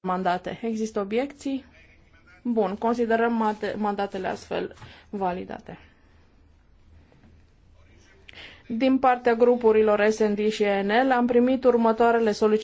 mandate. Există obiecții? Bun, considerăm mandatele astfel validate. Din partea grupurilor SND și ENL am primit următoarele solicitări.